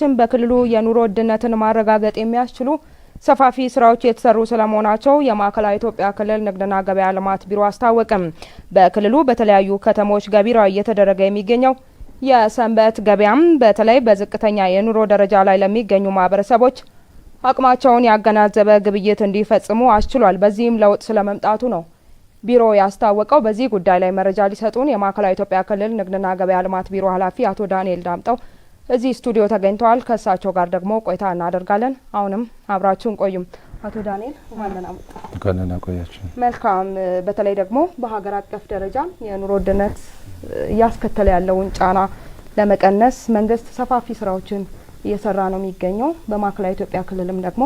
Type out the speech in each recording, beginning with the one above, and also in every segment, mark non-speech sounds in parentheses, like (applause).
ችን በክልሉ የኑሮ ውድነትን ማረጋገጥ የሚያስችሉ ሰፋፊ ስራዎች የተሰሩ ስለመሆናቸው የማዕከላዊ ኢትዮጵያ ክልል ንግድና ገበያ ልማት ቢሮ አስታወቅም። በክልሉ በተለያዩ ከተሞች ገቢራ እየተደረገ የሚገኘው የሰንበት ገበያም በተለይ በዝቅተኛ የኑሮ ደረጃ ላይ ለሚገኙ ማህበረሰቦች አቅማቸውን ያገናዘበ ግብይት እንዲፈጽሙ አስችሏል። በዚህም ለውጥ ስለመምጣቱ ነው ቢሮ ያስታወቀው። በዚህ ጉዳይ ላይ መረጃ ሊሰጡን የማዕከላዊ ኢትዮጵያ ክልል ንግድና ገበያ ልማት ቢሮ ኃላፊ አቶ ዳንኤል ዳምጠው እዚህ ስቱዲዮ ተገኝተዋል። ከእሳቸው ጋር ደግሞ ቆይታ እናደርጋለን። አሁንም አብራችሁን ቆዩም። አቶ ዳንኤል ዋለና ቆያችሁ። መልካም። በተለይ ደግሞ በሀገር አቀፍ ደረጃ የኑሮ ውድነት እያስከተለ ያለውን ጫና ለመቀነስ መንግስት ሰፋፊ ስራዎችን እየሰራ ነው የሚገኘው። በማዕከላዊ ኢትዮጵያ ክልልም ደግሞ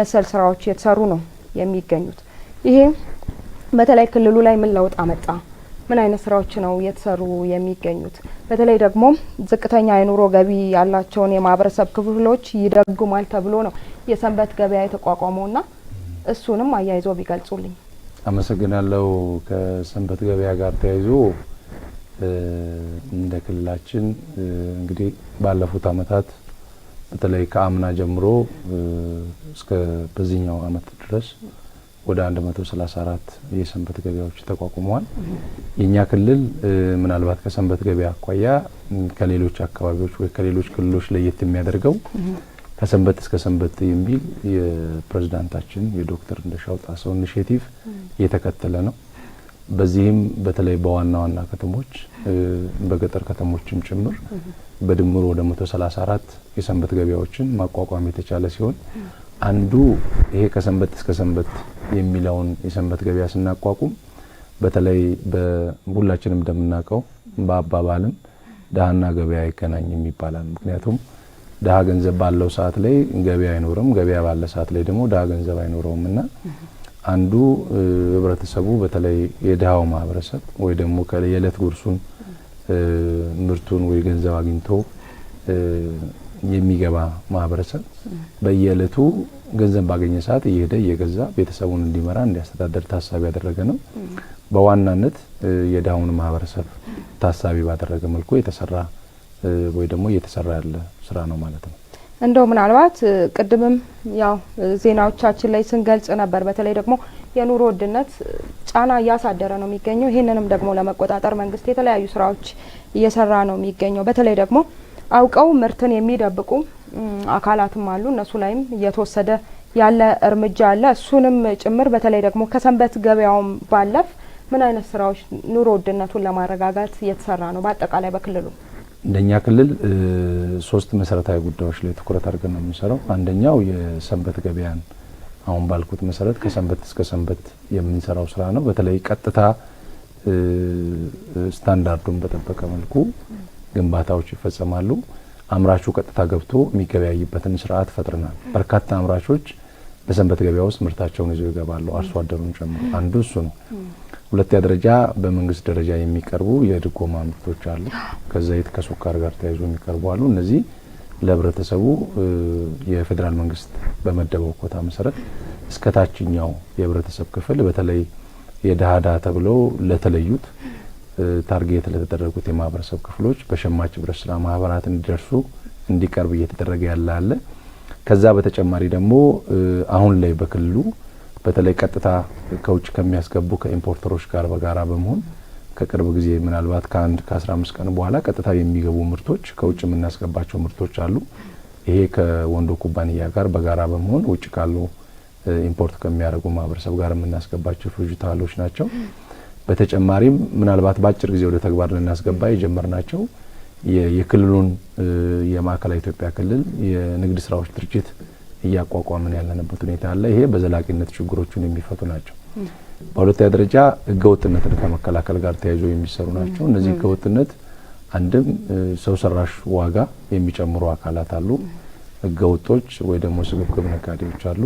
መሰል ስራዎች እየተሰሩ ነው የሚገኙት። ይሄ በተለይ ክልሉ ላይ ምን ለውጥ አመጣ? ምን አይነት ስራዎች ነው እየተሰሩ የሚገኙት? በተለይ ደግሞ ዝቅተኛ የኑሮ ገቢ ያላቸውን የማህበረሰብ ክፍሎች ይደጉማል ተብሎ ነው የሰንበት ገበያ የተቋቋመው እና እሱንም አያይዞ ቢገልጹልኝ። አመሰግናለሁ። ከሰንበት ገበያ ጋር ተያይዞ እንደ ክልላችን እንግዲህ ባለፉት አመታት በተለይ ከአምና ጀምሮ እስከ በዚህኛው አመት ድረስ ወደ 134 የሰንበት ገበያዎች ተቋቁመዋል። የእኛ ክልል ምናልባት ከሰንበት ገበያ አኳያ ከሌሎች አካባቢዎች ወይ ከሌሎች ክልሎች ለየት የሚያደርገው ከሰንበት እስከ ሰንበት የሚል የፕሬዝዳንታችን የዶክተር እንደሻው ጣሰው ኢኒሼቲቭ የተከተለ ነው። በዚህም በተለይ በዋና ዋና ከተሞች በገጠር ከተሞችም ጭምር በድምሩ ወደ 134 የሰንበት ገበያዎችን ማቋቋም የተቻለ ሲሆን አንዱ ይሄ ከሰንበት እስከ ሰንበት የሚለውን የሰንበት ገበያ ስናቋቁም በተለይ ሁላችንም እንደምናውቀው በአባባልም ድሃና ገበያ አይገናኝም ይባላል። ምክንያቱም ድሃ ገንዘብ ባለው ሰዓት ላይ ገበያ አይኖርም፣ ገበያ ባለ ሰዓት ላይ ደግሞ ድሃ ገንዘብ አይኖረውም እና አንዱ ህብረተሰቡ በተለይ የድሃው ማህበረሰብ ወይ ደግሞ የዕለት ጉርሱን ምርቱን ወይ ገንዘብ አግኝቶ የሚገባ ማህበረሰብ በየእለቱ ገንዘብ ባገኘ ሰዓት እየሄደ እየገዛ ቤተሰቡን እንዲመራ እንዲያስተዳደር ታሳቢ ያደረገ ነው። በዋናነት የድሃውን ማህበረሰብ ታሳቢ ባደረገ መልኩ የተሰራ ወይ ደግሞ እየተሰራ ያለ ስራ ነው ማለት ነው። እንደው ምናልባት ቅድምም ያው ዜናዎቻችን ላይ ስንገልጽ ነበር። በተለይ ደግሞ የኑሮ ውድነት ጫና እያሳደረ ነው የሚገኘው። ይህንንም ደግሞ ለመቆጣጠር መንግስት የተለያዩ ስራዎች እየሰራ ነው የሚገኘው። በተለይ ደግሞ አውቀው ምርትን የሚደብቁ አካላትም አሉ። እነሱ ላይም እየተወሰደ ያለ እርምጃ አለ። እሱንም ጭምር በተለይ ደግሞ ከሰንበት ገበያውም ባለፍ ምን አይነት ስራዎች ኑሮ ውድነቱን ለማረጋጋት እየተሰራ ነው? በአጠቃላይ በክልሉ እንደኛ ክልል ሶስት መሰረታዊ ጉዳዮች ላይ ትኩረት አድርገን ነው የምንሰራው። አንደኛው የሰንበት ገበያን አሁን ባልኩት መሰረት ከሰንበት እስከ ሰንበት የምንሰራው ስራ ነው። በተለይ ቀጥታ ስታንዳርዱን በጠበቀ መልኩ ግንባታዎች ይፈጸማሉ። አምራቹ ቀጥታ ገብቶ የሚገበያይበትን ስርዓት ፈጥረናል። በርካታ አምራቾች በሰንበት ገበያ ውስጥ ምርታቸውን ይዘው ይገባሉ፣ አርሶ አደሩን ጨምሮ። አንዱ እሱ ነው። ሁለተኛ ደረጃ በመንግስት ደረጃ የሚቀርቡ የድጎማ ምርቶች አሉ። ከዘይት ከሱካር ጋር ተያይዞ የሚቀርቡ አሉ። እነዚህ ለህብረተሰቡ የፌዴራል መንግስት በመደበው ኮታ መሰረት እስከ ታችኛው የህብረተሰብ ክፍል በተለይ የደሃዳ ተብለው ለተለዩት ታርጌት ለተደረጉት የማህበረሰብ ክፍሎች በሸማች ህብረት ስራ ማህበራት እንዲደርሱ እንዲቀርብ እየተደረገ ያለ አለ። ከዛ በተጨማሪ ደግሞ አሁን ላይ በክልሉ በተለይ ቀጥታ ከውጭ ከሚያስገቡ ከኢምፖርተሮች ጋር በጋራ በመሆን ከቅርብ ጊዜ ምናልባት ከአንድ ከ15 ቀን በኋላ ቀጥታ የሚገቡ ምርቶች ከውጭ የምናስገባቸው ምርቶች አሉ። ይሄ ከወንዶ ኩባንያ ጋር በጋራ በመሆን ውጭ ካሉ ኢምፖርት ከሚያደርጉ ማህበረሰብ ጋር የምናስገባቸው ፍጅታሎች ናቸው። በተጨማሪም ምናልባት በአጭር ጊዜ ወደ ተግባር ልናስገባ የጀመርናቸው የክልሉን የማዕከላዊ ኢትዮጵያ ክልል የንግድ ስራዎች ድርጅት እያቋቋምን ያለንበት ሁኔታ አለ። ይሄ በዘላቂነት ችግሮቹን የሚፈቱ ናቸው። በሁለተኛ ደረጃ ህገወጥነትን ከመከላከል ጋር ተያይዞ የሚሰሩ ናቸው። እነዚህ ህገወጥነት አንድም ሰው ሰራሽ ዋጋ የሚጨምሩ አካላት አሉ፣ ህገወጦች ወይ ደግሞ ስግብግብ ነጋዴዎች አሉ።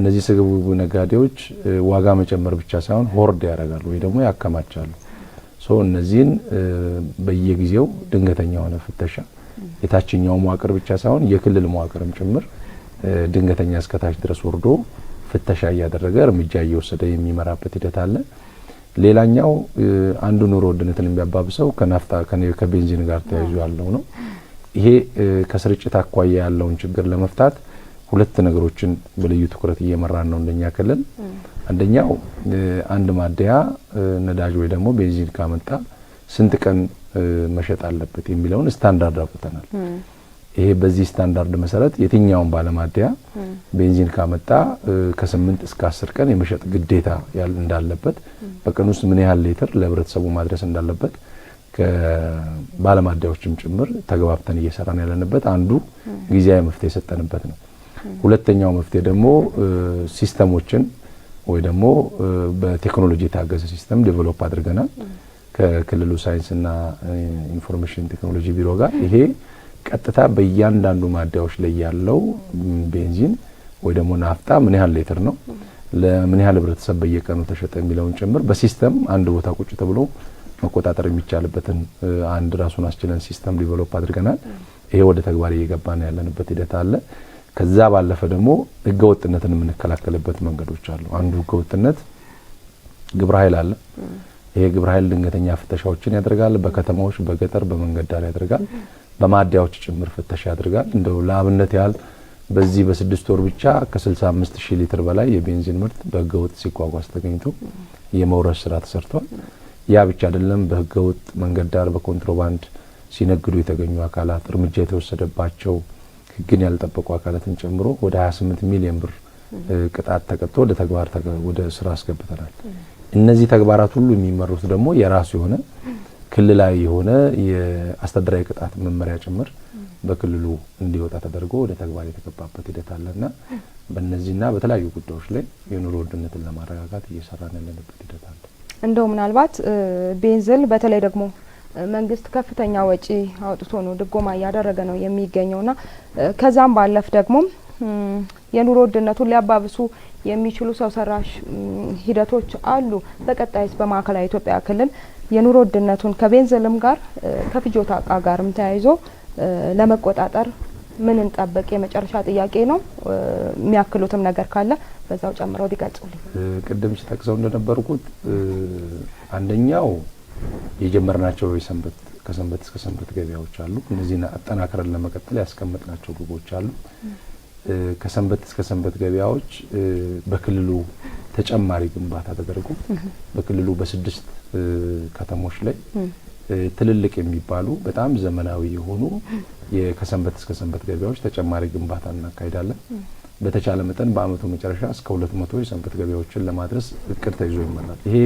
እነዚህ ስግብግቡ ነጋዴዎች ዋጋ መጨመር ብቻ ሳይሆን ሆርድ ያደርጋሉ ወይ ደግሞ ያከማቻሉ። እነዚህን በየጊዜው ድንገተኛ የሆነ ፍተሻ የታችኛው መዋቅር ብቻ ሳይሆን የክልል መዋቅርም ጭምር ድንገተኛ እስከታች ድረስ ወርዶ ፍተሻ እያደረገ እርምጃ እየወሰደ የሚመራበት ሂደት አለ። ሌላኛው አንዱ ኑሮ ውድነትን የሚያባብሰው ከናፍታ ከቤንዚን ጋር ተያይዞ ያለው ነው። ይሄ ከስርጭት አኳያ ያለውን ችግር ለመፍታት ሁለት ነገሮችን በልዩ ትኩረት እየመራን ነው እንደኛ ክልል። አንደኛው አንድ ማደያ ነዳጅ ወይ ደግሞ ቤንዚን ካመጣ ስንት ቀን መሸጥ አለበት የሚለውን ስታንዳርድ አውጥተናል። ይሄ በዚህ ስታንዳርድ መሰረት የትኛውን ባለማደያ ቤንዚን ካመጣ ከስምንት እስከ አስር ቀን የመሸጥ ግዴታ እንዳለበት፣ በቀን ውስጥ ምን ያህል ሊትር ለህብረተሰቡ ማድረስ እንዳለበት ከባለማደያዎችም ጭምር ተግባብተን እየሰራን ያለንበት አንዱ ጊዜያዊ መፍትሄ የሰጠንበት ነው። ሁለተኛው መፍትሄ ደግሞ ሲስተሞችን ወይ ደግሞ በቴክኖሎጂ የታገዘ ሲስተም ዴቨሎፕ አድርገናል ከክልሉ ሳይንስና ኢንፎርሜሽን ቴክኖሎጂ ቢሮ ጋር ይሄ ቀጥታ በእያንዳንዱ ማደያዎች ላይ ያለው ቤንዚን ወይ ደግሞ ናፍጣ ምን ያህል ሌትር ነው ለምን ያህል ህብረተሰብ በየቀኑ ተሸጠ የሚለውን ጭምር በሲስተም አንድ ቦታ ቁጭ ተብሎ መቆጣጠር የሚቻልበትን አንድ ራሱን አስችለን ሲስተም ዲቨሎፕ አድርገናል። ይሄ ወደ ተግባር እየገባ ነው ያለንበት ሂደት አለ። ከዛ ባለፈ ደግሞ ህገወጥነትን የምንከላከልበት መንገዶች አሉ። አንዱ ህገወጥነት ግብረ ኃይል አለ። ይሄ ግብረ ኃይል ድንገተኛ ፍተሻዎችን ያደርጋል። በከተማዎች፣ በገጠር፣ በመንገድ ዳር ያደርጋል። በማደያዎች ጭምር ፍተሻ ያደርጋል። እንደው ለአብነት ያህል በዚህ በስድስት ወር ብቻ ከ65 ሺህ ሊትር በላይ የቤንዚን ምርት በህገወጥ ሲጓጓዝ ተገኝቶ የመውረስ ስራ ተሰርቷል። ያ ብቻ አይደለም። በህገወጥ መንገድ ዳር በኮንትሮባንድ ሲነግዱ የተገኙ አካላት እርምጃ የተወሰደባቸው ህግን ያልጠበቁ አካላትን ጨምሮ ወደ 28 ሚሊዮን ብር ቅጣት ተቀጥቶ ወደ ተግባር ወደ ስራ አስገብተናል። እነዚህ ተግባራት ሁሉ የሚመሩት ደግሞ የራሱ የሆነ ክልላዊ የሆነ የአስተዳደራዊ ቅጣት መመሪያ ጭምር በክልሉ እንዲወጣ ተደርጎ ወደ ተግባር የተገባበት ሂደት አለና በእነዚህና በተለያዩ ጉዳዮች ላይ የኑሮ ውድነትን ለማረጋጋት እየሰራን ያለንበት ሂደት አለ። እንደው ምናልባት ቤንዝል በተለይ ደግሞ መንግስት ከፍተኛ ወጪ አውጥቶ ነው ድጎማ እያደረገ ነው የሚገኘው ና ከዛም ባለፍ ደግሞ የኑሮ ውድነቱን ሊያባብሱ የሚችሉ ሰው ሰራሽ ሂደቶች አሉ። በቀጣይስ በማዕከላዊ ኢትዮጵያ ክልል የኑሮ ውድነቱን ከቤንዘልም ጋር ከፍጆታ እቃ ጋርም ተያይዞ ለመቆጣጠር ምን እንጠብቅ? የመጨረሻ ጥያቄ ነው። የሚያክሉትም ነገር ካለ በዛው ጨምረው ሊገልጹልኝ። ቅድም ሲጠቅሰው እንደነበርኩት አንደኛው የጀመርናቸው የሰንበት ከሰንበት እስከ ሰንበት ገበያዎች አሉ። እነዚህን አጠናክረን ለመቀጠል ያስቀመጥናቸው ግቦች አሉ። ከሰንበት እስከ ሰንበት ገበያዎች በክልሉ ተጨማሪ ግንባታ ተደርጎ በክልሉ በስድስት ከተሞች ላይ ትልልቅ የሚባሉ በጣም ዘመናዊ የሆኑ ከሰንበት እስከ ሰንበት ገበያዎች ተጨማሪ ግንባታ እናካሄዳለን። በተቻለ መጠን በአመቱ መጨረሻ እስከ ሁለት መቶ የሰንበት ገበያዎችን ለማድረስ እቅድ ተይዞ ይመራል። ይሄ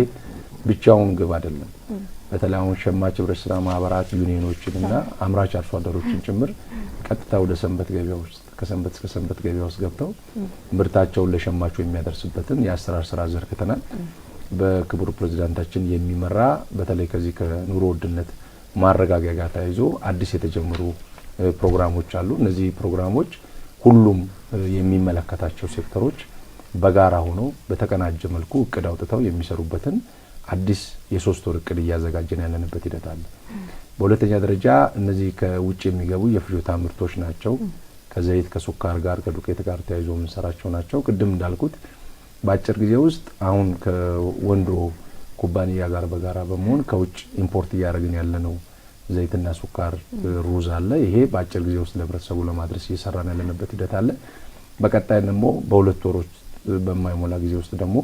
ብቻውን ግብ አይደለም። በተለይ አሁን ሸማች ህብረት ስራ ማህበራት ዩኒዮኖችን እና አምራች አርሶ አደሮችን ጭምር ቀጥታ ወደ ሰንበት ገበያ ውስጥ ከሰንበት እስከ ሰንበት ገበያ ውስጥ ገብተው ምርታቸውን ለሸማቹ የሚያደርስበትን የአሰራር ስራ ዘርግተናል። በክቡር ፕሬዚዳንታችን የሚመራ በተለይ ከዚህ ከኑሮ ውድነት ማረጋጊያ ጋር ተያይዞ አዲስ የተጀመሩ ፕሮግራሞች አሉ። እነዚህ ፕሮግራሞች ሁሉም የሚመለከታቸው ሴክተሮች በጋራ ሆነው በተቀናጀ መልኩ እቅድ አውጥተው የሚሰሩበትን አዲስ የሶስት ወር እቅድ እያዘጋጀን ያለንበት ሂደት አለ። በሁለተኛ ደረጃ እነዚህ ከውጭ የሚገቡ የፍጆታ ምርቶች ናቸው። ከዘይት ከሱካር ጋር ከዱቄት ጋር ተያይዞ የምንሰራቸው ናቸው። ቅድም እንዳልኩት በአጭር ጊዜ ውስጥ አሁን ከወንዶ ኩባንያ ጋር በጋራ በመሆን ከውጭ ኢምፖርት እያደረግን ነው። ዘይትና ሱካር፣ ሩዝ አለ። ይሄ በአጭር ጊዜ ውስጥ ለህብረተሰቡ ለማድረስ እየሰራን ያለንበት ሂደት አለ። በቀጣይ ደግሞ በሁለት ወሮች በማይሞላ ጊዜ ውስጥ ደግሞ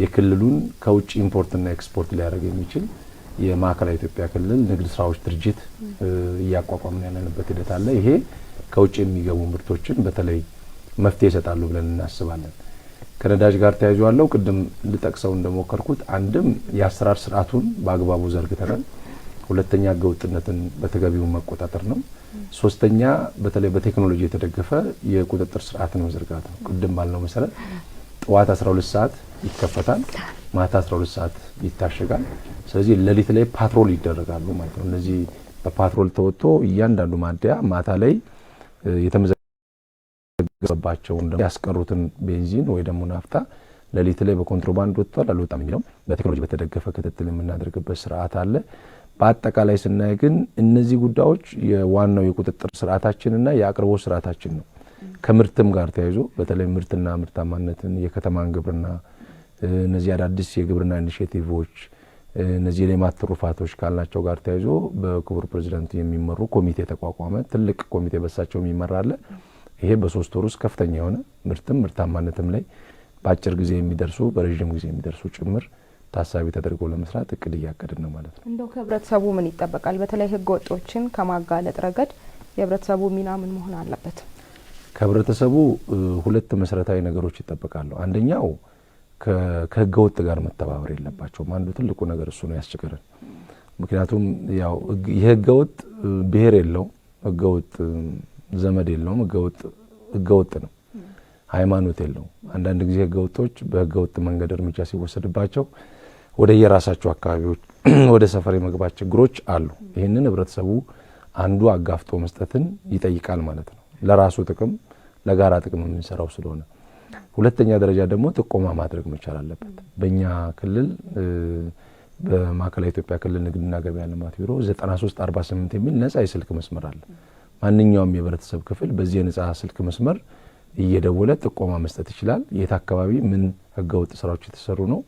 የክልሉን ከውጭ ኢምፖርትና ኤክስፖርት ሊያደርግ የሚችል የማዕከላዊ ኢትዮጵያ ክልል ንግድ ስራዎች ድርጅት እያቋቋምን ያለንበት ሂደት አለ። ይሄ ከውጭ የሚገቡ ምርቶችን በተለይ መፍትሄ ይሰጣሉ ብለን እናስባለን። ከነዳጅ ጋር ተያይዞ ያለው ቅድም ልጠቅሰው እንደሞከርኩት አንድም የአሰራር ስርዓቱን በአግባቡ ዘርግተናል። ሁለተኛ ህገወጥነትን በተገቢው መቆጣጠር ነው። ሶስተኛ በተለይ በቴክኖሎጂ የተደገፈ የቁጥጥር ስርዓት መዘርጋት ነው። ቅድም ባልነው መሰረት ጠዋት 12 ሰዓት ይከፈታል፣ ማታ 12 ሰዓት ይታሸጋል። ስለዚህ ሌሊት ላይ ፓትሮል ይደረጋሉ ማለት ነው። እነዚህ በፓትሮል ተወጥቶ እያንዳንዱ ማደያ ማታ ላይ የተመዘገበባቸውን ያስቀሩትን ቤንዚን ወይ ደግሞ ናፍታ ሌሊት ላይ በኮንትሮባንድ ወጥቷል አልወጣም የሚለው በቴክኖሎጂ በተደገፈ ክትትል የምናደርግበት ስርዓት አለ። በአጠቃላይ ስናይ ግን እነዚህ ጉዳዮች የዋናው የቁጥጥር ስርዓታችንና የአቅርቦት ስርዓታችን ነው። ከምርትም ጋር ተያይዞ በተለይ ምርትና ምርታማነትን የከተማን ግብርና እነዚህ አዳዲስ የግብርና ኢኒሽቲቭዎች እነዚህ የሌማት ትሩፋቶች ካላቸው ጋር ተያይዞ በክቡር ፕሬዚዳንቱ የሚመሩ ኮሚቴ ተቋቋመ። ትልቅ ኮሚቴ በሳቸው የሚመራ አለ። ይሄ በሶስት ወር ውስጥ ከፍተኛ የሆነ ምርትም ምርታማነትም ላይ በአጭር ጊዜ የሚደርሱ በረዥም ጊዜ የሚደርሱ ጭምር ታሳቢ ተደርጎ ለመስራት እቅድ እያቀድን ነው ማለት ነው። እንደው ከህብረተሰቡ ምን ይጠበቃል? በተለይ ህገ ወጦችን ከማጋለጥ ረገድ የህብረተሰቡ ሚና ምን መሆን አለበት? ከህብረተሰቡ ሁለት መሰረታዊ ነገሮች ይጠበቃሉ። አንደኛው ከህገ ወጥ ጋር መተባበር የለባቸውም። አንዱ ትልቁ ነገር እሱ ነው ያስቸገረን። ምክንያቱም ያው የህገ ወጥ ብሔር የለውም፣ ህገ ወጥ ዘመድ የለውም፣ ህገ ወጥ ነው። ሃይማኖት የለው። አንዳንድ ጊዜ ህገ ወጦች በህገ ወጥ መንገድ እርምጃ ሲወሰድባቸው ወደ የራሳቸው አካባቢዎች (clears throat) ወደ ሰፈር የመግባት ችግሮች አሉ። ይህንን ህብረተሰቡ አንዱ አጋፍጦ መስጠትን ይጠይቃል ማለት ነው ለራሱ ጥቅም ለጋራ ጥቅም የምንሰራው ስለሆነ፣ ሁለተኛ ደረጃ ደግሞ ጥቆማ ማድረግ መቻል አለበት። በእኛ ክልል በማዕከላዊ ኢትዮጵያ ክልል ንግድና ገበያ ልማት ቢሮ 9348 የሚል ነጻ የስልክ መስመር አለ። ማንኛውም የህብረተሰብ ክፍል በዚህ የነጻ ስልክ መስመር እየደወለ ጥቆማ መስጠት ይችላል። የት አካባቢ ምን ህገወጥ ስራዎች የተሰሩ ነው፣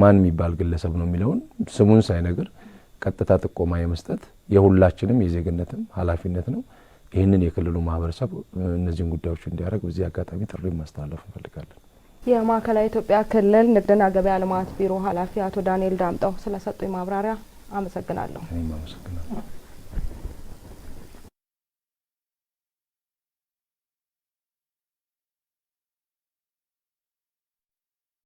ማን የሚባል ግለሰብ ነው የሚለውን ስሙን ሳይነግር ቀጥታ ጥቆማ የመስጠት የሁላችንም የዜግነትም ኃላፊነት ነው። ይህንን የክልሉ ማህበረሰብ እነዚህን ጉዳዮች እንዲያደርግ በዚህ አጋጣሚ ጥሪ ማስተላለፍ እንፈልጋለን። የማዕከላዊ ኢትዮጵያ ክልል ንግድና ገበያ ልማት ቢሮ ኃላፊ አቶ ዳንኤል ዳምጠው ስለሰጡኝ ማብራሪያ አመሰግናለሁ። እኔም አመሰግናለሁ።